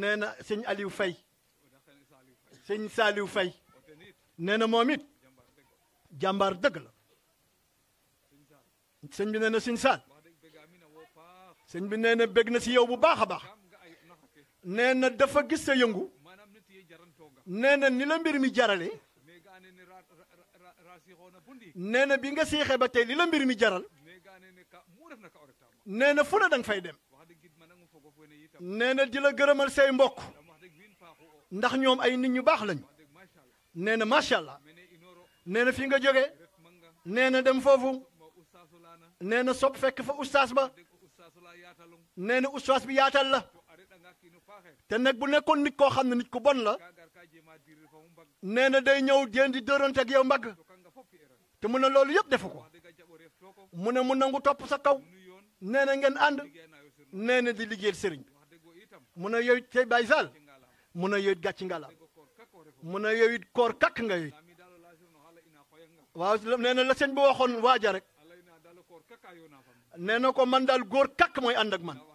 nee na sëñ Aliou Faye sëñ Saliou Faye nee na moom it jàmbaar dëgg la sëñ bi nee na sëñ Sall sëñ bi nee na bég na si yow bu baax a baax nee na dafa gis sa yëngu nee na ni la mbir mi jarale nee na bi nga seexee ba tey li la mbir mi jaral nee na fu ne danga fay dem nee na di la gërëmal say mbokk ndax ñoom ay nit ñu baax lañu nee na macha allah nee na fi nga jógee nee na dem foofu nee na sob fekk fa ustaas ba nee na ustaas bi yaatal la te nag bu nekkoon nit koo xam ne nit ku bon la nee na day ñëw jéem di dërante ak yow mbagg te mu ne loolu yëpp defu ko mu ne mu nangu topp sa kaw nee na ngeen ànd nee na di liggéey sëriñ mën a yoyit tey bay sal mun a yoyit gàcci ngalam mun a yoyit koor kakk nga yoyit waaw nee na la sëñ bi waxoon waaja rek nee na ko man daal góor kakk mooy ànd ak man